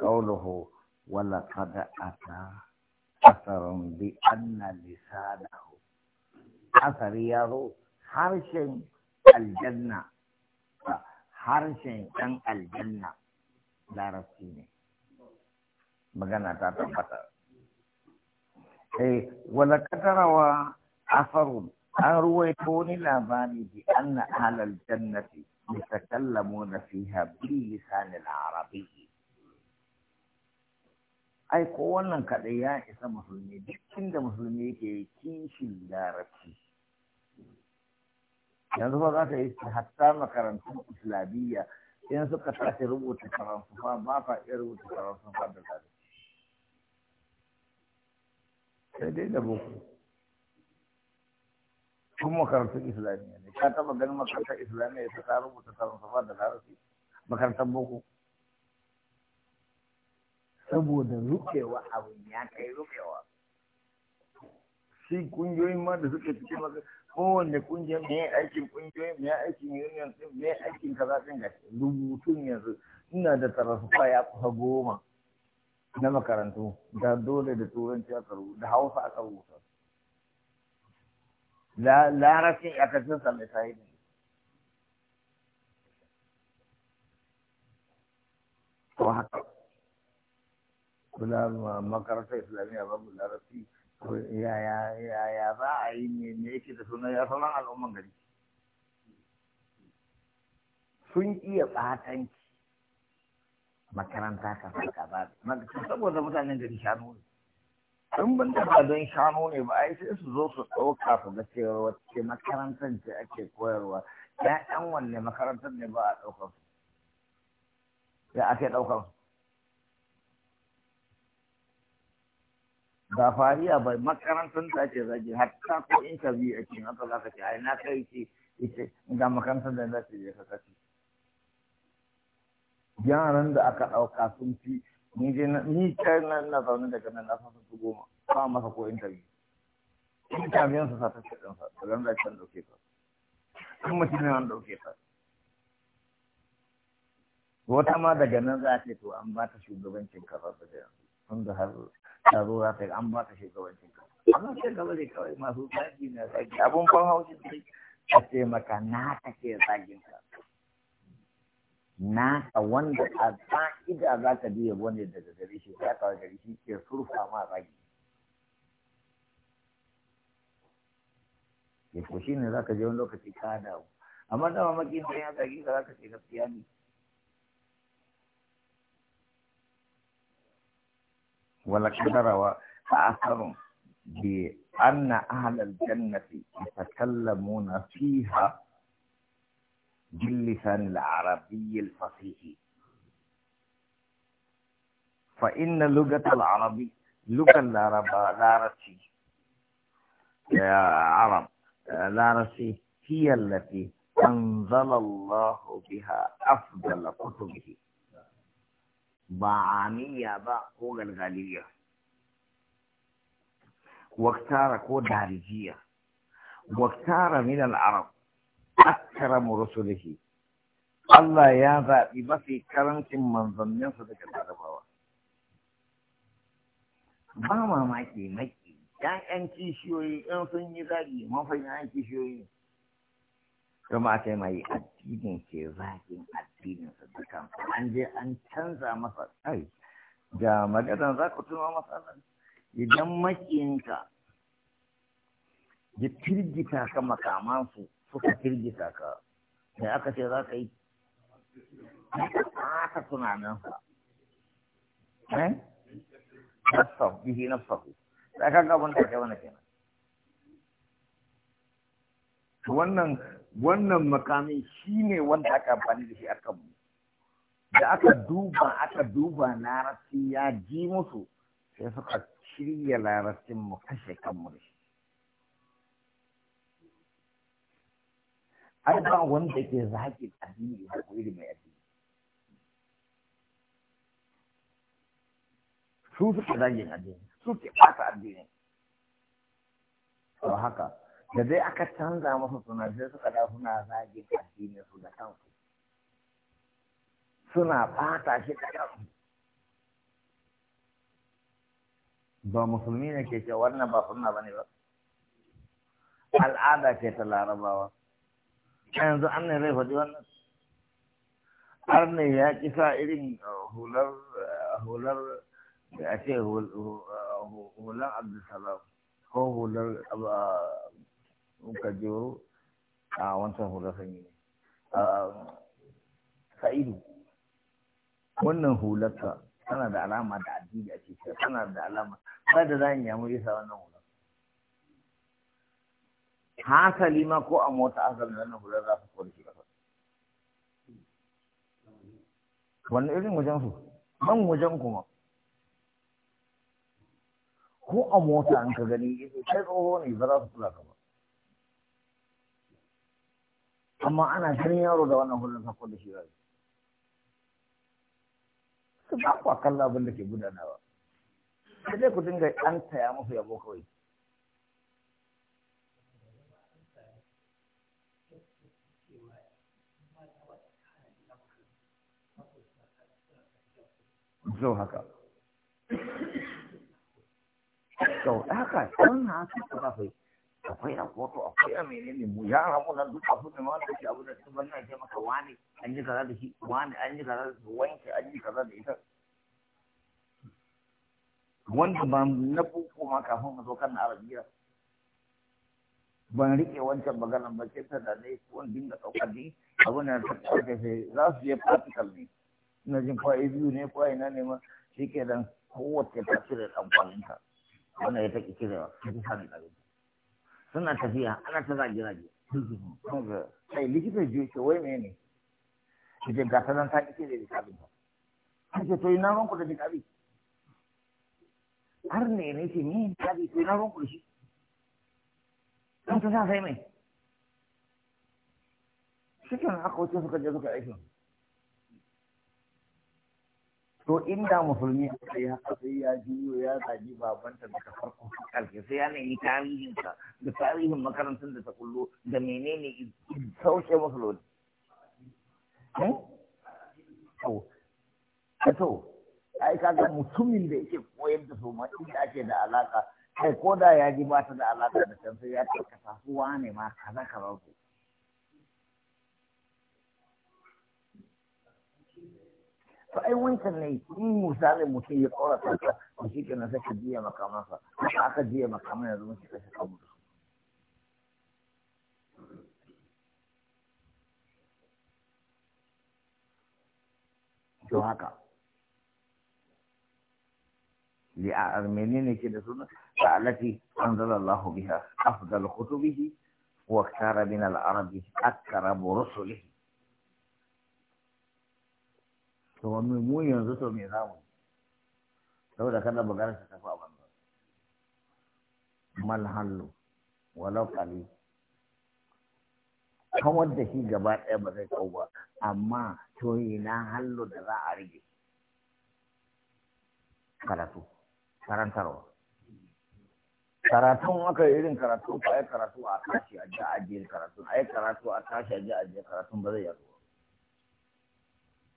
قوله ولقد أتى أثر بأن لسانه أثر يرى حرش الجنة حرش أن الجنة لا رسيني مغانا تاتا بطا إيه، ولقد روى أثر أروي رويتوني لاباني بأن أهل الجنة يتكلمون فيها باللسان العربي ai ko wannan kaɗai ya isa musulmi duk inda musulmi yake kishin larabci yanzu ba za ka yi hatta makarantun islamiyya in suka tashi rubuta karansufa ba fa iya rubuta karansufa da larabci sai dai da boko kun makarantun islamiyya ne ka taɓa ganin makarantar islamiyya ta rubuta karansufa da larabci makarantar boko saboda rukewa abin ya kai rukewa shi kungiyoyin ma da suka cikin maka kowanne kungiyar mai aikin kungiyoyin mai aikin union din mai aikin kaza din ga rubutun yanzu ina da tarafa ya kusa goma na makarantu da dole da turanci aka rubuta da hausa aka rubuta Larafin ya sa mai kula makarantar islamiyya babu larabci yaya za a yi ne yake da suna ya sauran al'umman gari sun iya batanci makaranta ka saka ba saboda mutanen gari shanu ne in ban da ba don shanu ne ba ai sai su zo su ɗauka su ga cewa wacce makarantar ce ake koyarwa Ya ya'yan wanne makarantar ne ba a ɗaukar su ya ake ɗaukar su ba fariya ba makarantar ta ce zage hatta ko interview cikin haka zaka ka ce ai na kai ce ita ga makarantar da za ta je ka kace yaran da aka ɗauka sun fi ni je ni kai nan na zaune daga nan na san su goma ba masa ko interview interview sa su sata ce dan sa dan da can dauke ka kuma mutum ne an dauke ka wata ma daga nan za a ce to an ba ta shugabancin kafa da yanzu tun da har ta zo za ta an ba ta ka amma sai gaba zai kawai masu zagi na zagi abun ban hausa sai a ce maka na ta ke zagin ka na ka wanda a ka'ida za ka biya wani daga gari shi ya kawai gari shi ke surfa ma zagi ya ko shi ne za ka je wani lokaci ka dawo amma ma makin sai ya zagi ka za ka ce gaskiya ne ولقد روى بأن أهل الجنة يتكلمون فيها باللسان العربي الفصيح فإن لغة العربي لغة العرب يا عرب رسي هي التي أنزل الله بها أفضل كتبه ba amiya ba ko galgaliya waktara ko darijiya waktara min al-arab akramu rusulihi Allah ya zaɓi mafi karancin manzanninsa daga larabawa ba mamaki maki ‘ya'yan kishiyoyi in sun yi zagi mafan ‘ya'yan kishiyoyi kuma sai mai addinin ke zagin addinin su da an je an canza masa kai da magadan za ku tuno masa idan makiyinka ya firgita ka makamansu suka firgita ka sai aka ce za ka yi aka tunaninsa eh nafsahu bihi nafsahu sai ka ga abin da ke wani kenan wannan wannan makami shi ne wanda aka amfani da shi a kanmu da aka duba aka duba larabci ya ji musu sai suka shirya larabcin mu kashe kanmu da shi ai ba wanda ke zaki addini da koyi mai addini su suke zagin addini su ke fata addini to haka da dai aka canza masa suna sai suka da suna zagin addinin su da kansu suna bata shi da kansu ba musulmi ne ke ce wannan ba sunna bane ba al'ada ke ta larabawa yanzu an ne zai faɗi wannan har ne ya ƙi sa irin uh, hular uh, hular a ce uh, hular abdulsalam ko hular ka jero a wancan hula sanyi ne sa'idu wannan hularka tana da alama da addini a cikin tana da alama ba da za yi amuri sa wannan hular Ha ma ko a mota asali wannan hular za su kori shi kasa wannan irin wajen su ban wajen kuma ko a mota an ka gani ita eh, kai tsoho ne ba za su kula ka amma ana ganin yaro da wannan kullum sako da shi rayu su ba kwa kalla abin da ke gudanawa sai dai ku dinga an taya musu yabo kawai zo haka to haka wannan haka ta akwai a kotu akwai a menene mu ya ramu nan duk abu da wanda shi abu da shi ban nan ce maka wani an yi kaza da shi wani an yi kaza da su wanke an yi kaza da ita wanda ba na boko ma kafin mu zo kan arabiya ban rike wancan maganan ba ce ta da ne ko dinga dauka din abu da ta ɗauke sai za su je practical ne ina jin kwaye biyu ne kwaye na ne ma shi ke dan kowace ta cire ɗan kwalinta wannan ya ta ƙi cirewa ta fi sani suna tafiya ana ta zage zage sai likita ji ce wai me ne ki ce ga sanan ta kike da likabin ta ce to ina ranku da kabi? har ne ne ce ni likabi to ina ranku shi don ta sa sai mai shi kan haka wacce suka je suka aikin to inda musulmi aka yi haka sai ya juyo ya zagi babanta daga farko ƙarshe sai ya nemi tarihinsa da tarihin makarantar da ta kullo da menene sauke musulmi eh? eh to ai kaga mutumin da yake koyar da su ma inda ake da alaka kai koda da ya ji ba ta da alaka da can sai ya karkata su wane ma kaza kaza فأي وانت اللي يكون مثالي مكي يقول لك مشيك انا ذاك الدية مقامها مش عاقة الدية مقامها دو مشيك اشي قمر شو هكا لأرمينيني كده سنة فعلتي أنزل الله بها أفضل خطبه واختار من العرب أكثر برسله to wani mu yanzu to me za mu saboda kana bugar ta tafi a mal hallu walau kali kawar da shi gaba ɗaya ba zai kau ba amma to na hallu da za a rage karatu karantarwa karatun aka yi irin karatu A ai karatu a tashi a ji a karatu ai karatu a tashi a ji a karatu ba zai yaduwa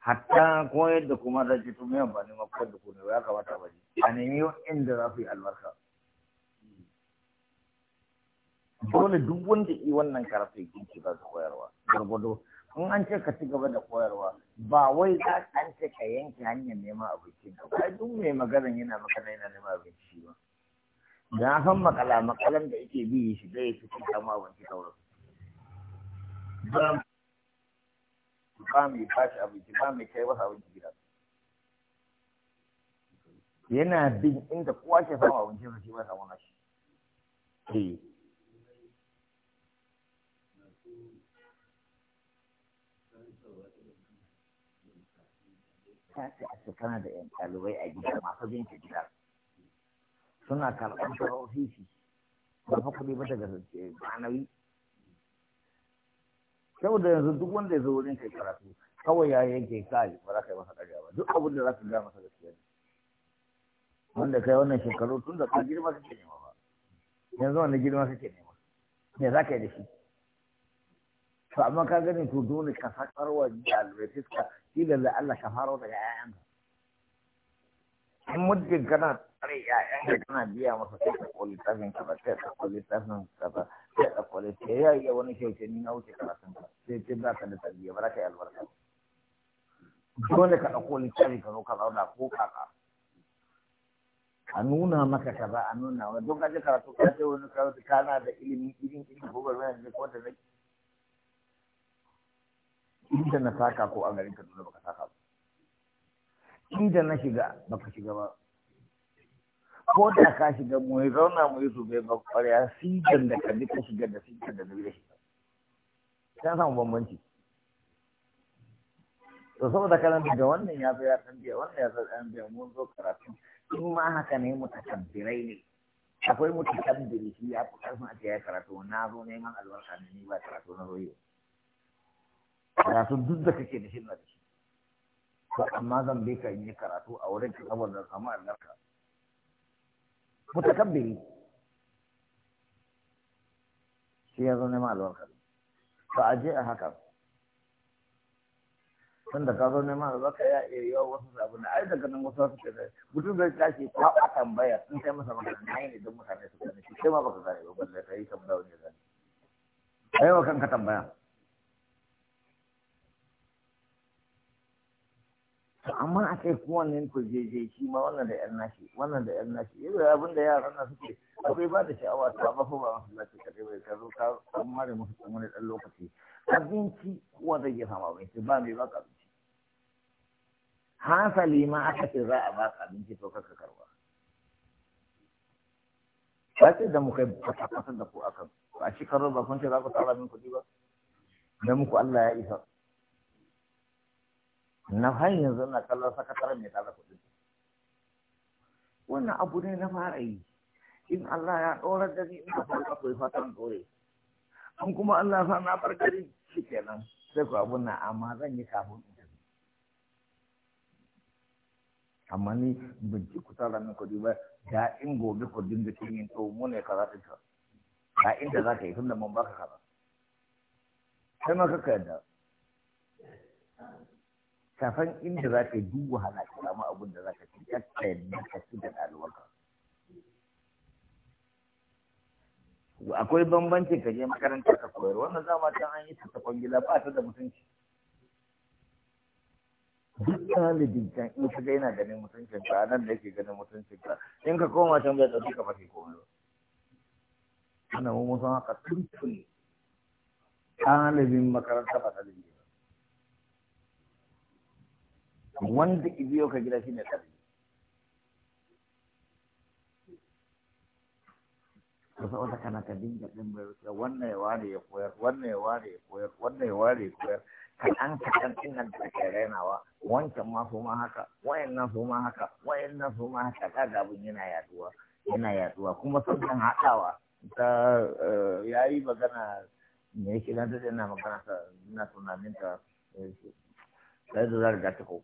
hatta koyar da kuma da ji tumi ba ne mafi da kuma ya kamata ba ne a nemi inda za su yi albarka dole duk wanda yi wannan karatu ya kinci ba su koyarwa gargado in an ce ka ci gaba da koyarwa ba wai za an ce ka yanke hanyar neman abinci ba kai duk mai maganar yana magana yana neman abinci ba na san makala makalan da yake bi shi da ya fi kama abinci kawai ba mai bashi abinci ba mai kai masa abinci gida yana bin inda kowa ke samu abinci sa shi ba samu nashi eh ta ce a shekara da yan ɗalibai a gida masu bin ka gida suna karɓar ofisi ba fa kuɗi ba daga ma'anawi eh, saboda yanzu duk wanda ya zo wurin kai karatu kawai ya yanke kai ba za ka yi masa ƙarya ba duk abin da za ka gaya masa gaskiya ne wanda kai wannan shekaru tun da ka girma kake nema ba yanzu wanda girma kake nema me za ka yi da shi to amma ka gani to dole ka sakar wa dalibai fiska ila da Allah ka faro daga ƴaƴanka in muddin kana tsare ƴaƴan ka kana biya masa sai ka koli tafin ka ba sai ka koli tafin ka sai ka koli sai ya yi wani kyauce ni na wuce karatun ka sai ce ba ka da tarbiyya ba ka yi albarka dole ka ɗauko littafi ka zo ka zauna ko kaka a nuna maka kaza a nuna wani don kaje karatu ka ce wani karatu kana da ilimi irin irin ko ba zai ko da zai inda na saka ko a garin Kaduna baka saka ba inda na shiga baka shiga ba ko da ka shiga mu zauna mu yi zube ba kwarya sigan da ka bi ka shiga da sigan da zube da shiga ta samu bambanci to saboda kana daga wannan ya zo ya tambiya wannan ya zo ya tambiya mun zo karatu in ma haka ne mu mutakabbirai ne akwai mutakabbiri shi ya fi karfin a ya karatu na zo neman albarka ne ni ba karatu na zo karatu duk da kake da shi na da shi to amma zan bai ka yi karatu a wurin ka saboda samu albarka mutakabbiri shi ya zo neman albarka ba a je a haka tun da ka zo neman albarka ya iya yiwa wasu sabu na ai daga nan wasu suke da mutum zai tashi ko a tambaya in kai masa magana na yi ne don mutane su gane shi kai ma baka gane ba balle kai yi tambaya wani ya gane kai wa kanka tambaya to amma a kai kuma wannan ku je shi ma wannan da yan nashi wannan da yan nashi Yau abin da yaran nan suke akwai ba da sha'awa to amma fa ba masallaci ka kai bai ka zo ka an mare musu dan dan lokaci abinci kowa zai iya mai, abinci ba mai ka abinci hasali ma aka ce za a baka abinci to ka karwa ba ce da muka kwata-kwata da ku akan ba a karo ba kun ce za ku tsara min kuɗi ba dan muku Allah ya isa na har yanzu na kallon sakataren mai tara kuɗi wannan abu ne na fara yi in Allah ya ɗora da ni ina farka ku fatan ɗore an kuma Allah sa na farkari shi kenan sai ku abu na amma zan yi kafin in tafi amma ni ban ci ku tara min kuɗi ba da in gobe ku da cin yin to mu ne ka ɗin ka inda za ka yi tunda mun baka kaza sai ma kaka yadda kafin inda za ka yi duk hana ka samu abin da za ka ci kakka yadda ka ci da ɗalibanka akwai bambancin ka je makarantar ka koyar wannan zama can an yi ta kwangila ba ta da mutunci duk ɗalibin can in ka ga yana ganin mutuncin ka nan da yake ganin mutuncin ka in ka koma can bai ɗauki ka fashe komai ba ana mu musan haka tuntun ɗalibin makaranta ba ɗalibi wanda ibiyo ka gida shi ne ƙarfi Wasu wata kana ka dinga ɗin bai wuce wannan ya ware ya koyar wannan ya ware ya koyar wannan ya ware ya koyar kaɗan kaɗan ɗin nan da ke rainawa wancan ma su ma haka wayan na su ma haka wayan na su ma haka Ta gabin yana yaduwa yana yaduwa kuma kan haɗawa ta eh, ya yi magana me yake na da na magana ta na tunanin ta eh, sai da zarga ta ko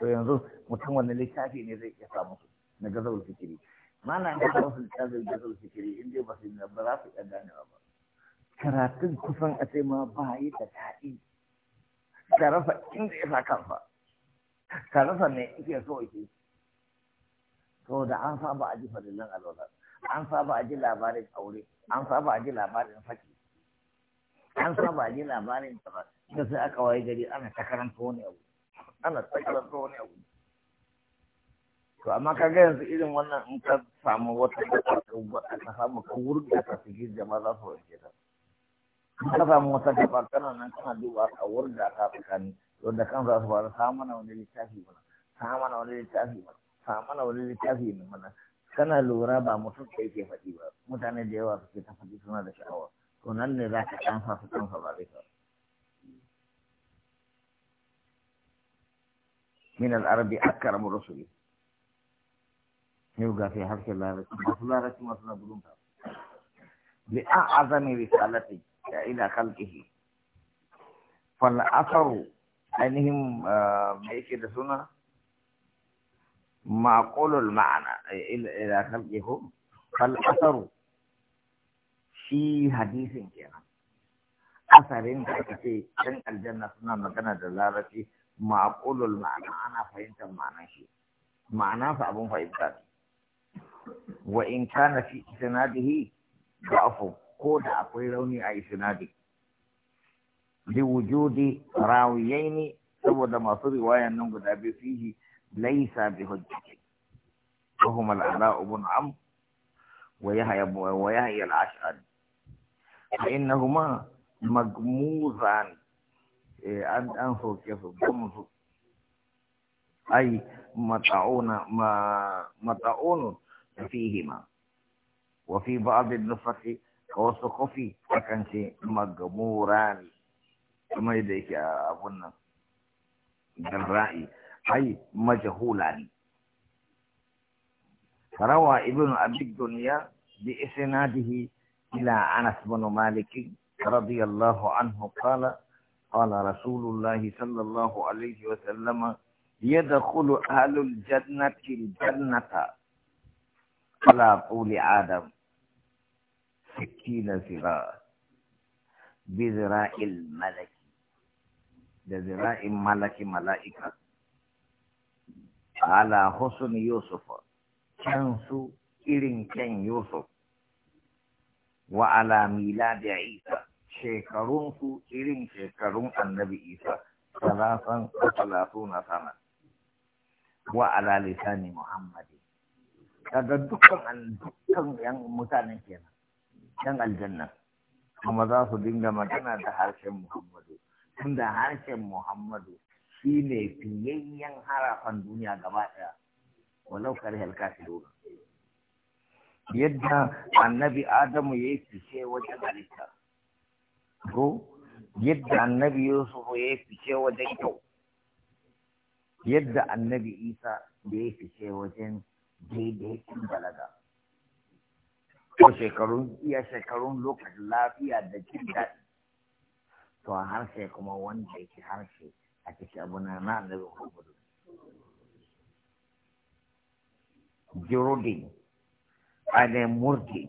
to yanzu mutum wani littafi ne zai iya samu su na gazawar fikiri mana ga kawo su littafin gazawar fikiri in dai ba su yi ba za su iya ganewa ba karatun kusan a sai ma ba yi da daɗi ka rasa inda ya sa kansa ka rasa me ike so ike to da an saba a ji farillan alwala an saba a ji labarin aure an saba a ji labarin saki an saba a ji labarin kaza da sai aka waye gari ana ta karanta wani abu ana tsakarar wani abu to amma ka ga yanzu irin wannan in ka samu wata ka samu ka wurga ka cikin jama'a za su wanke ta in ka samu wata gaba kana nan kana duba ka wurga ka tsakani wanda kan za su fara samu na wani littafi mana samu na wani littafi mana samu na wani littafi mana kana lura ba mutum kai ke faɗi ba mutane da yawa suke ta faɗi suna da sha'awa to nan ne za ka ɗan su ɗan ba zai من العرب أكرم الرسل يبقى في حرف الله رسول الله رسول الله لأعظم رسالة إلى خلقه فالأثر أنهم آه، ميك دسونا قول المعنى إلى خلقه فالأثر في حديث كان أثر إن كان الجنة سنة مكانة دلالتي ma'aqulul ma'ana ana fahimtar ma'anar shi ma'ana sa abun fahimta ne wa in kana fi isnadihi da'fu ko da akwai rauni a isnadi li wujudi rawiyaini saboda masu riwayan nan guda biyu fihi laysa bi hujjati wa huma al-ala ibn am wa yahya wa yahya al-ash'ari fa innahuma magmuzan an an soke su gum su ai mata'una ma mata'unu fihima wa fi ba'd an-nufati wa suqufi akan ce magamurani kuma da yake abun nan dan ra'i ai majhulani روى ابن أبي الدنيا بإسناده إلى أنس بن مالك رضي الله عنه قال قال رسول الله صلى الله عليه وسلم يدخل أهل الجنة الجنة على طول آدم سكين زراء بذراع الملك بذراع ملك ملائكة على حسن يوسف شمس إرن كان يوسف وعلى ميلاد عيسى shekarunsu irin shekarun annabi isa salasan da talatuna sana wa ala lisani muhammadi daga dukkan dukkan yan mutanen kenan yan aljanna kuma za su dinga magana da harshen muhammadu tunda harshen muhammadu shi ne fiyayyen harafan duniya gaba ɗaya walau karihar kafiruna yadda annabi adamu ya yi fice wajen halitta to yadda annabi Yusuf ya fice wajen kyau yadda annabi Isa da ya fice wajen daidaitin balaga ko shekarun iya shekarun lokacin lafiya da jin daɗi to a harshe kuma wanda yake harshe a cikin abu na na annabi Muhammadu jirudin a da murti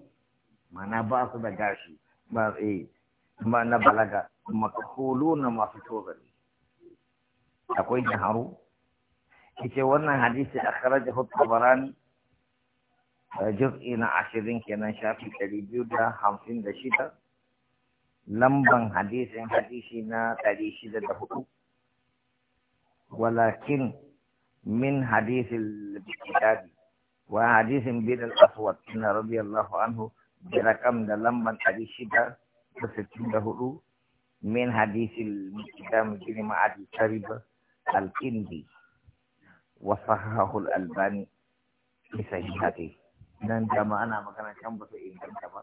mana ba su da gashi ba tsaye eh, mana balaga balaga na masu tozali akwai jaharu kike wannan hadisi akhrajahu at-tabarani eh, juz'i na ashirin kenan shafi ɗari biyu da hamsin da shida lamban hadisin hadisi na ɗari shida da hudu walakin min hadisin bikitabi wa hadisin bidal aswad na radiyallahu anhu bi rakam da lamban ɗari shida 64 من حديث المقدام al معدي wa الكندي al-albani في sahihati dan jama'a na magana kan ba su inganta ba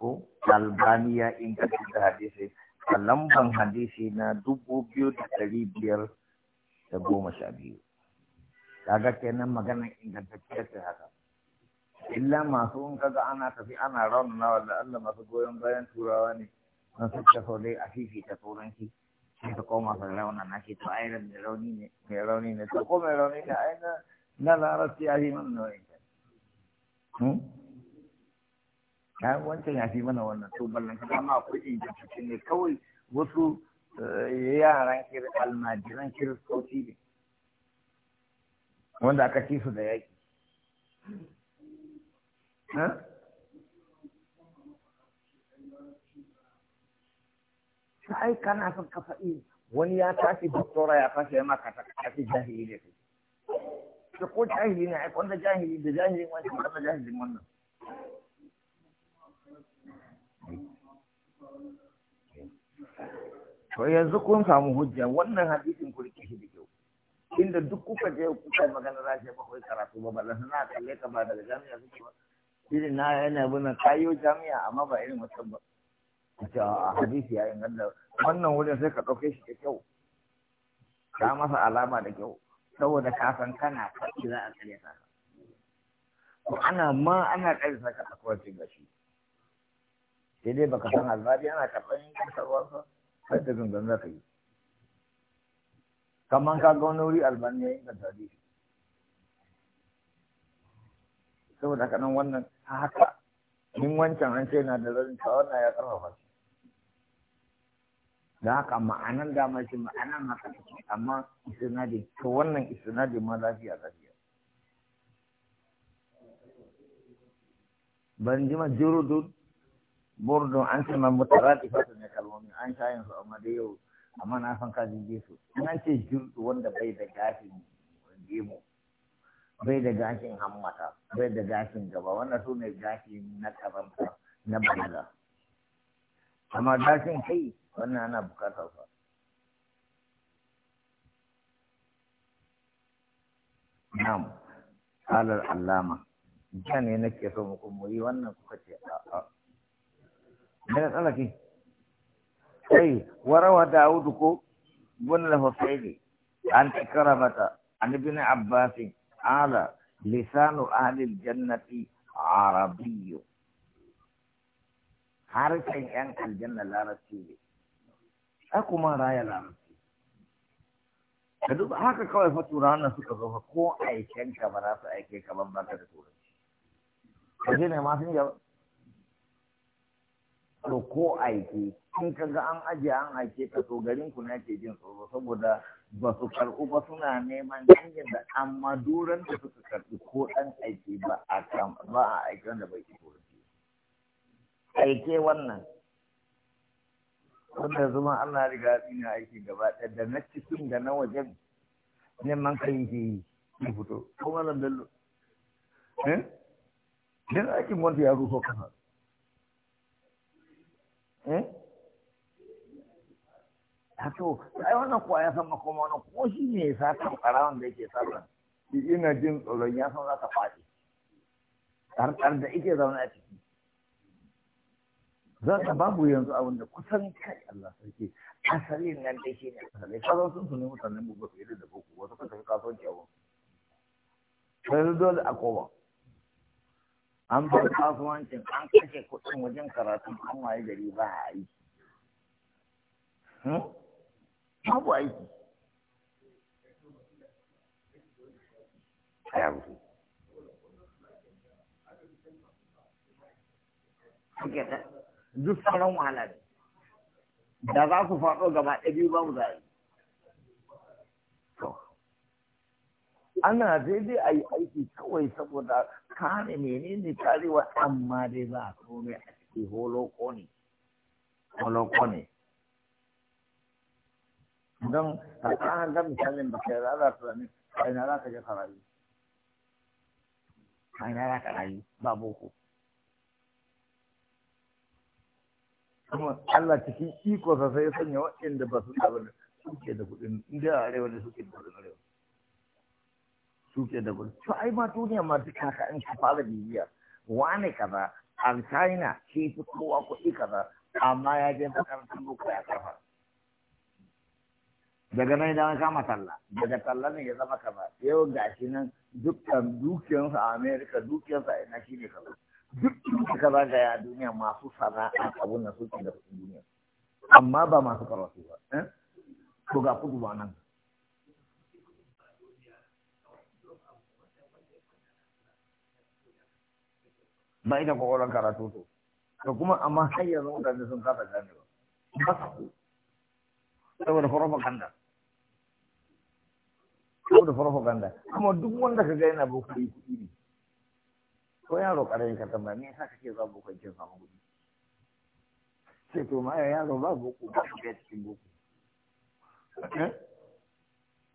ko albani ya inganta da hadisi a ban hadisi na dubu biyu da ɗari biyar da goma sha biyu kaga kenan magana ingantacciyar haka illa masu in kaga ana tafi ana raunana wanda Allah masu goyon bayan turawa ne na su ta sau dai a fifita shi sai ta koma sa raunana shi to ai mai rauni ne mai rauni ne to ko mai rauni ne ai na na larabci ya fi mana nauyin ta hmm? wancan ya fi mana wannan to ballan ka amma da ingantace ne kawai wasu eh, yaran almajiran kiristoci ne wanda aka ci su da yaƙi sai kana son kafa iya. wani ya tashi doktora ya tashi ya maka ta kashi jahili ne da ko jahili ne ai wanda jahili da wani wancan wanda jahilin wannan to yanzu kun samu hujja wannan hadisin ku rike shi da kyau inda duk kuka je kuka magana za shi bakwai karatu ba ballan na kalle ka ba daga jami'a suke ba irin na yana buna kayo jami'a amma ba irin mutum ba ce a hadisi yayin inganta wannan wurin sai ka dauke shi da kyau ka masa alama da kyau saboda ka san kana faɗi za a kare ka ko ana ma ana kare saka ka ɗauko gashi. ga shi sai dai baka san albari ana karɓar yin kasarwarsa sai da gangan za ka yi kamar ka ga wani wuri albani ya da hadisi saboda haka wannan a haka in wancan an ce na da ta wannan ya karfafa shi da haka ma'anan dama shi ma'anan haka take amma isinadi to wannan isinadi ma lafiya lafiya ban ji ma jurudun burdun an ce ma fata ne kalmomi an sha yin su amma da yau amma na san ka jesu. su an ce jurdu wanda bai da gashin gemu bai da gashin hammata bai da gashin gaba wannan su ne gashi na karanta na balaga amma gashin kai wannan ana bukatar sa Nam halar allama jiya ne nake so muku mu yi wannan kuka ce a'a daga tsalaki sai warawa dawudu ko bin al-husaini an takramata an ibn abbasin ta'ala lisanu ahlil jannati arabiyyu harshen yan aljanna larabci ne a kuma raya larabci ka duba haka kawai fa turanan suka zo ko aiken ka ba za su aike ka ban baka da turanci ka je ne ma sun ko aiki in ka ga an ajiye an aike ka to garin ku na ke jin tsoro saboda ba su karɓu ba suna neman dangin da amma duran da suka karɓi ko ɗan aiki ba a ba a aiki wanda bai ci korafi aike wannan wanda zuma Allah riga tsina aiki gaba ɗaya da na cikin da na wajen neman kai ke yi ya fito kuma nan bello eh dan aikin wanda ya ruso kasa eh Ka to ai wannan kuwa ya san makoma wannan ko shi ne ya sa kan ɓarawan da yake shi ina jin tsoron ya san za ka faɗi ɗarɗar da ike zaune a ciki za ka babu yanzu abin da kusan kai Allah sarki asalin nan da shi ne asalin zo sun sunu mutanen mu ba su yi da boko wasu ka tafi kasuwanci a wani sai dole a koma an bar kasuwancin an kashe kuɗin wajen karatun an waye gari ba a hmm? babu aiki duk sauran wahala da za ku faɗo gaba ɗaya biyu mu za ana daidai a yi aiki kawai saboda kare menene karewa amma dai za a kome a ciki holoko ne holoko ne don a tsanan ga misalin ba kai za su zane a ina za ka je karayu a ina za ka rayu ba boko kuma Allah cikin iko sa sai sanya waɗanda ba su tsaba da suke da kuɗin inda a arewa da suke da kuɗin arewa suke da kuɗin to ai ma duniya ma duk haka in ka fara bibiya wane kaza a China ke fi kowa kuɗi kaza amma ya je makarantar boko ya karfa daga nan idan kama talla daga talla ne ya zama kaza yau ga shi nan dukkan dukiyarsa a america dukiyarsa a ina shine kaza duk da kaza ga ya duniya masu sana'a abun nan suke da kuɗin duniya amma ba masu karatu ba eh? to ga kudu ba nan ba ita kwakwalon karatu to da kuma amma har yanzu mutane sun kasa gane ba ba saboda propaganda ko da ganda. Amma duk wanda ka ga yana boko yi kuɗi ne ko yaro ƙarami ka tambaya me yasa kake za boko kin samu kuɗi sai to ma yaro ba boko ba shi ga cikin boko eh?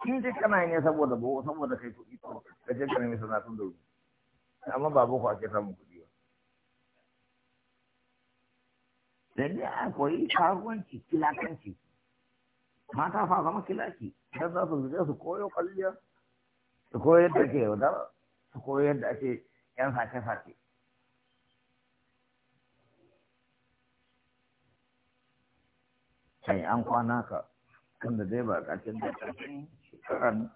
in dai kana ne saboda boko saboda kai kuɗi to ka je ka nemi tun da rubu amma ba boko ake samu kuɗi ba sai dai a koyi karuwanci kilakanci mata fa zama kilaki can za su je su koyo kwalliya su koyo yadda ake yaudara su koyo yadda ake yan face-face Kai an kwana ka Kan da dai ba ƙarshen da ƙarshen shekaran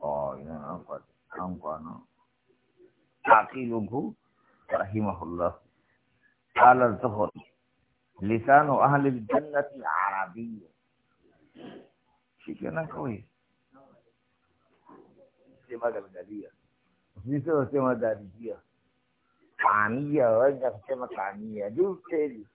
oh idan an kwana an kwana aqilunku rahimahullah qala az-zuhri lisanu ahli al-jannati arabiyyun shi kenan kawai sai ma gargariya sai sai ma gargariya kamiya wanda ka ce ma kamiya duk sai